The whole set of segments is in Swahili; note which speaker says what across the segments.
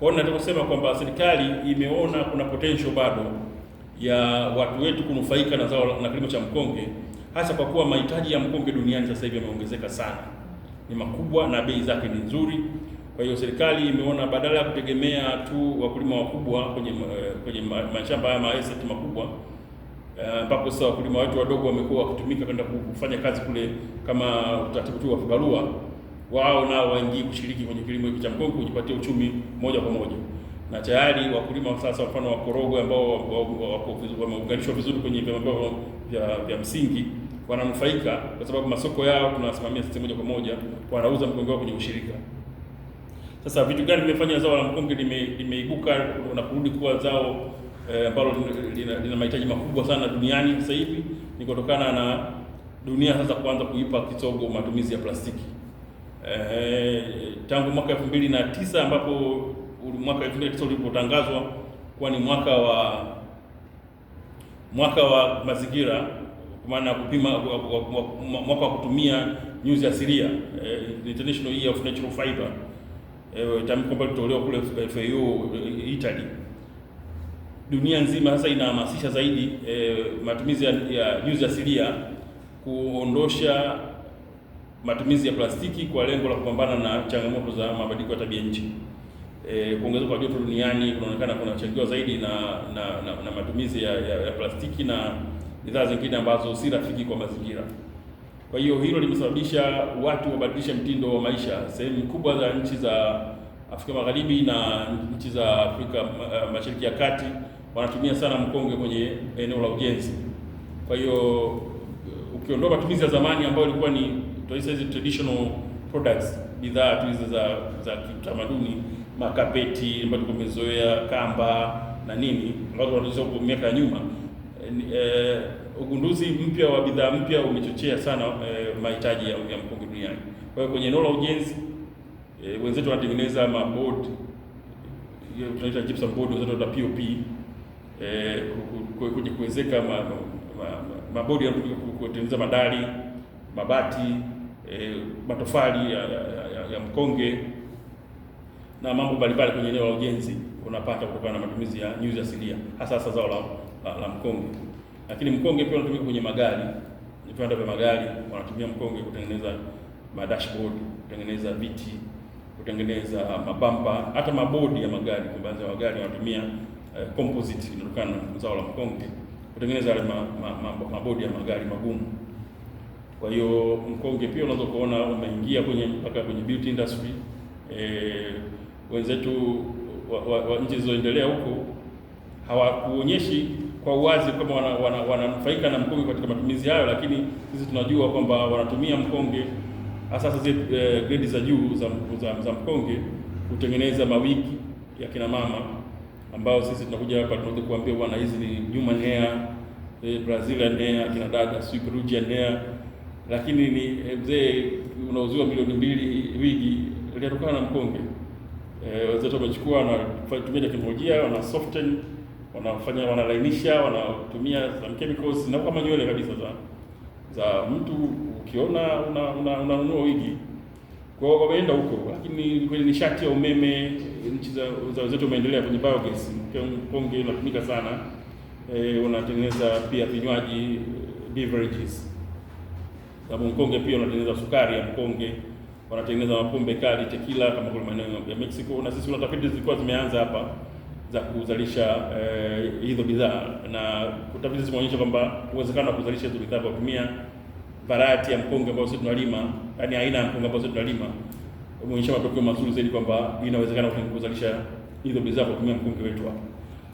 Speaker 1: Kwa hiyo nataka kusema kwamba serikali imeona kuna potential bado ya watu wetu kunufaika na zao na kilimo cha mkonge, hasa kwa kuwa mahitaji ya mkonge duniani sasa hivi yameongezeka sana, ni makubwa na bei zake ni nzuri. Kwa hiyo serikali imeona badala ya kutegemea tu wakulima wakubwa kwenye eh, kwenye mashamba haya maeseti makubwa, eh, ambapo sasa wakulima wetu wadogo wamekuwa wakitumika kwenda kufanya kazi kule kama utaratibu tu wa kibarua wao nao waingie kushiriki kwenye kilimo hiki cha mkongo kujipatia uchumi moja kwa moja, na tayari wakulima sasa, mfano wa Korogwe ambao wameunganishwa vizuri kwenye vyama vya vya msingi wananufaika kwa sababu masoko yao tunasimamia sisi moja kwa moja, wanauza mkonge wao kwenye ushirika. Sasa vitu gani vimefanya zao la mkonge limeibuka lime na kurudi kuwa zao eh, ambalo e, lina, lina mahitaji makubwa sana duniani sasa hivi? Ni kutokana na dunia sasa kuanza kuipa kisogo matumizi ya plastiki eh, tangu mwaka tisa ambapo mwaka 2009 ulipotangazwa kuwa ni mwaka wa mwaka wa mazingira kwa maana kupima mwaka wa kutumia nyuzi asilia eh, International Year of Natural Fiber eh, tamko ambalo litolewa kule FAO eh, Italy. Dunia nzima sasa inahamasisha zaidi eh, matumizi ya, ya nyuzi asilia kuondosha matumizi ya plastiki kwa lengo la kupambana na changamoto za mabadiliko ya tabia nchi. E, kuongezeka kwa joto duniani kunaonekana kunachangiwa zaidi na na, na, na matumizi ya, ya, ya plastiki na bidhaa zingine ambazo si rafiki kwa mazingira. Kwa hiyo hilo limesababisha watu wabadilishe mtindo wa maisha. Sehemu kubwa za nchi za Afrika Magharibi na nchi za Afrika eh, Mashariki ya Kati wanatumia sana mkonge kwenye eneo la ujenzi. Kwa hiyo ukiondoa matumizi ya zamani ambayo ilikuwa ni tunaita hizi traditional products, bidhaa tu hizi za za kitamaduni, makapeti ambayo tulikuwa tumezoea, kamba na nini ambazo wanazoea kwa miaka ya nyuma. E, ugunduzi mpya wa bidhaa mpya umechochea sana e, mahitaji ya, ya mkungu duniani. Kwa hiyo kwenye eneo la ujenzi e, wenzetu wanatengeneza maboard hiyo tunaita gypsum board, wenzetu wa POP eh kuwezeka mabodi yanatumika kutengeneza madari, mabati, e, matofali ya, ya, ya, ya mkonge na mambo mbalimbali kwenye eneo la ujenzi unapata kutokana na matumizi ya nyuzi asilia hasa hasa zao la, la, la mkonge. Lakini mkonge pia unatumika kwenye magari, viwanda vya magari wanatumia mkonge kutengeneza madashboard, kutengeneza viti, kutengeneza ah, mabamba, hata mabodi ya magari. Kwa baadhi ya magari wanatumia uh, composite inatokana na zao la mkonge kutengeneza mabodi ya magari magumu. Kwa hiyo Mkonge pia unaweza kuona umeingia kwenye mpaka kwenye beauty industry. E, wenzetu wa, wa, wa nchi zilizoendelea huko hawakuonyeshi kwa uwazi kama wananufaika wana, wana na mkonge katika matumizi hayo, lakini sisi tunajua kwamba wanatumia mkonge hasa sasa e, gredi za juu za, za, za mkonge kutengeneza mawiki ya kina mama ambao sisi tunakuja hapa tunaweza kuambia bwana, hizi ni human hair e, eh, Brazilian hair kina dada si Peruvian hair, lakini ni e, mzee unauziwa milioni mbili wigi linatokana na mkonge e, eh, wazee wamechukua na kutumia teknolojia, wana soften, wanafanya wanalainisha, wanatumia some chemicals na kama nywele kabisa za za mtu ukiona unanunua una, una, una wigi kwa hiyo wameenda huko, lakini kwenye nishati ya umeme nchi za wenzetu umeendelea kwenye biogas, mkonge unatumika sana e, unatengeneza pia vinywaji beverages, kama mkonge pia unatengeneza sukari ya mkonge, wanatengeneza mapombe kali tequila, kama kwa maeneo ya Mexico, na sisi kuna tafiti zilikuwa zimeanza hapa za kuzalisha e, hizo bidhaa, na tafiti zimeonyesha kwamba uwezekano wa kuzalisha hizo bidhaa kwa kutumia varati ya mkonge ambao sisi tunalima, yani aina ya mkonge ambao sisi tunalima umeonyesha matokeo mazuri zaidi kwamba inawezekana kuzalisha hizo bidhaa kwa kutumia mkonge wetu hapa.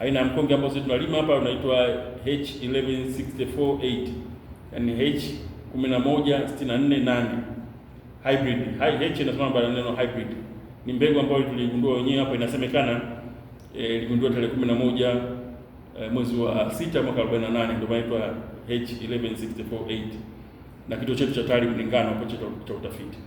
Speaker 1: Aina ya mkonge ambao sisi tunalima hapa unaitwa H11648 yani H11648 hybrid. Hai H inasimama baada ya neno hybrid. Ni mbegu ambayo tuligundua wenyewe hapa, inasemekana eh, iligundua e, tarehe 11 eh, mwezi wa 6 mwaka 48, ndio maitwa H11648 na kituo chetu cha kulingana Mlingano kwa cha utafiti.